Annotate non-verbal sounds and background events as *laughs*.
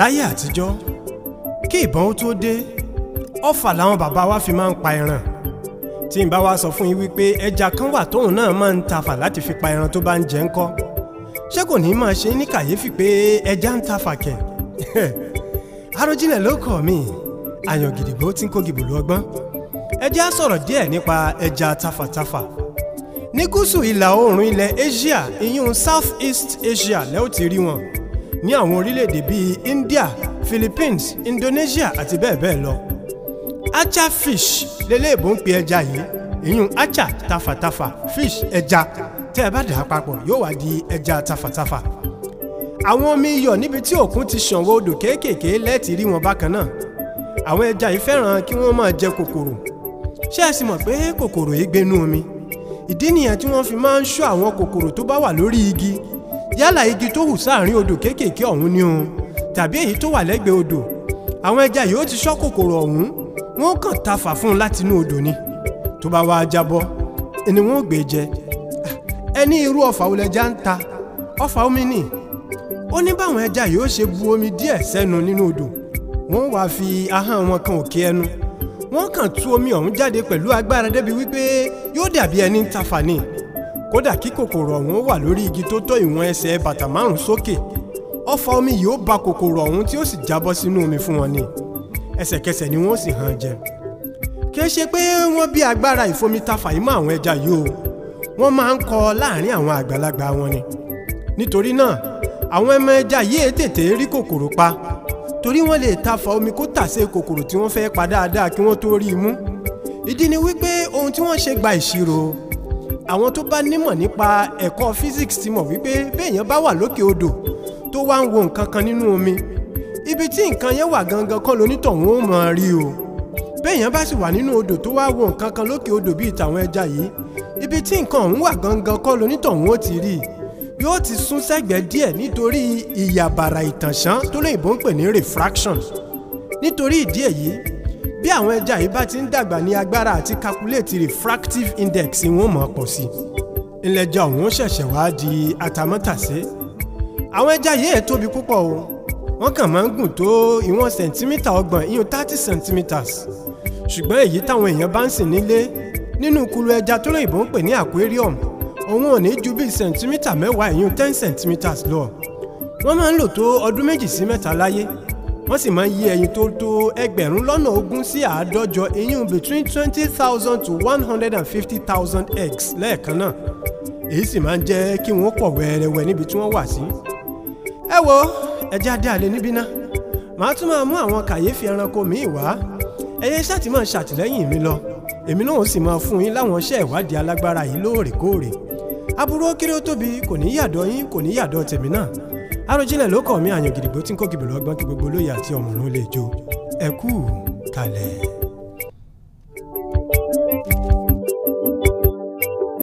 láyé àtijọ́ kí ìbọn ó tó dé ọfà làwọn bàbá wa fi máa ń pa ẹran tí n bá wa sọ fún yín wípé ẹja kan wà tóun náà máa ń tafà láti fi pa ẹran tó bá ń jẹ ńkọ́ ṣé kò ní máa ṣe ní kàyéfì pé ẹja ń tafà kẹ̀ Àròjinlẹ̀ *laughs* ló kọ̀ mí àyàn gidigbo tí ń kó gìbòlú ọgbọ́n ẹja sọ̀rọ̀ díẹ̀ nípa ẹja tafàtafà ní gúúsù ìlà oòrùn ilẹ̀ Asia ìyún South East Asia lẹ́ ó ti rí wọn ní àwọn orílẹ̀-èdè bíi India Philippines Indonesia àti bẹ́ẹ̀ bẹ́ẹ̀ lọ. acha fish lélẹ́ẹ̀bù ń pe ẹja yìí ìyún acha tafàtafà fish ẹja tẹ́ ẹ bá dà á papọ̀ yóò wá di ẹja tafàtafà. àwọn omi iyọ̀ níbi tí òkun ti ṣàn wọ odò kéékèèké lẹ́ẹ̀tì rí wọn bákan náà. àwọn ẹja yìí fẹ́ràn kí wọ́n máa jẹ kòkòrò ṣé ẹ sì mọ̀ pé kòkòrò yìí gbénú omi ìdí nìyẹn tí wọ́n fi máa ń ṣọ́ àwọn kòkòrò tó bá wà lórí igi yálà igi tó hù sáàrin odò kéékèèké ọ̀hún ni o tàbí èyí tó wà lẹ́gbẹ̀ẹ́ odò àwọn ẹja yìí ó ti ṣọ́ kòkòrò ọ̀hún wọ́n kàn tafà fún un látinú odò ni tó bá wàá jábọ́ ni wọ́n gbé jẹ ẹni irú ọfà olẹja ń ta ọfà omi nì ó ní báwọn ẹja yìí ó ṣe bu omi díẹ̀ sẹ́nu nínú odò wọ́n wàá fi ahọ́n wọn kan òkè ẹnu wọ́n kàn tú omi ọ̀hún jáde pẹ̀lú agbára débi wípé yóò dàbí ẹni ń tafà ni kódà kí kòkòrò ọ̀hún wà lórí igi tó tó ìwọ̀n ẹsẹ̀ bàtà márùn-ún sókè ọfà omi yìí ó ba kòkòrò ọ̀hún tí ó sì jábọ́ sínú omi fún wọn ni ẹsẹ̀kẹsẹ̀ ni wọ́n sì hàn jẹ kì í ṣe pé wọ́n bí agbára ìfomitafà yìí mọ́ àwọn ẹja yìí o wọ́n máa ń kọ láàrin àwọn àgbàlagbà wọn ni nítorí náà àwọn ẹmọ ẹja yìí e tètè rí kòkòrò pa torí wọ́n lè tafà omi kó tàsé kòkòrò tí wọ́n fẹ́ pa dáadáa kí wọ́n tó rí i mú ìdí ni wípé ohun tí wọ́n ṣe gba ìṣirò àwọn tó bá nímọ̀ nípa ẹ̀kọ́ physics ti mọ̀ wípé béèyàn bá wà lókè odò tó wá ń wo nǹkan kan nínú omi ibi tí nǹkan yẹn wà gangan kọ́ lonítọ̀hún ó mọ̀ rí o béèyàn bá sì wà nínú odò tó wá wo nǹkan kan lókè odò bíi tàwọn ẹja yìí ibi tí nǹkan ọ̀hún wà gangan kọ́ lonítọ̀hún ó ti rí yóò ti sún sẹ́gbẹ̀ẹ́ díẹ̀ nítorí ìyàbàrà ìtànṣán tó lóyìnbó ń pè ní refraction nítorí ìdí èyí bí àwọn ẹja yìí bá ti ń dàgbà ní agbára àti calculate refractive index wọn mọ̀ pọ̀ sí i ńlẹ́jà òun ṣẹ̀ṣẹ̀ wá di àtàmọ́tàsé àwọn ẹja yìí ẹ̀ tóbi púpọ̀ o wọ́n kàn máa ń gùn tó ìwọ̀n sẹ̀ńtímítà ọgbọ̀n ìyún thirty centimeters ṣùgbọ́n èyí táwọn èèyàn bá ń sìn nílé nínú kulu ẹja tó lóyìnbó ń pè ní aquarium òun ò ní ju bíi sẹ̀ńtímítà mẹ́wàá ìyún ten centimeters lọ wọ́n máa ń lò tó ọdún méjì sí mẹ́ta láyé wọ́n sì máa ń yé ẹyin tó tó ẹgbẹ̀rún lọ́nà ogún sí àádọ́jọ eyín between twenty thousand to one hundred and fifty thousand eggs lẹ́ẹ̀kan náà èyí sì máa ń jẹ́ kí wọ́n pọ̀ wẹ́rẹ́wẹ́ níbi tí wọ́n wà sí. ẹ wo ẹja dé àlè níbí ná màá tún máa mú àwọn kàyéfì ẹranko míì wá ẹyẹ iṣẹ́ àti máa ṣàtìlẹ́yìn mi lọ èmi náà sì máa fún yín láwọn iṣẹ́ ìwádìí alágbára yìí lóòrèkóòrè aburú kéré ó tóbi kò ní yàdọ̀ yín kò ní yàdọ̀ tèmi náà Àròjinlẹ̀ ló kọ̀ mí àyàn gidigbo tí ń kó gìbìlọ́gbọ́n kí gbogbo olóye àti ọ̀mọ̀ràn lè jó ẹ kú kalẹ̀.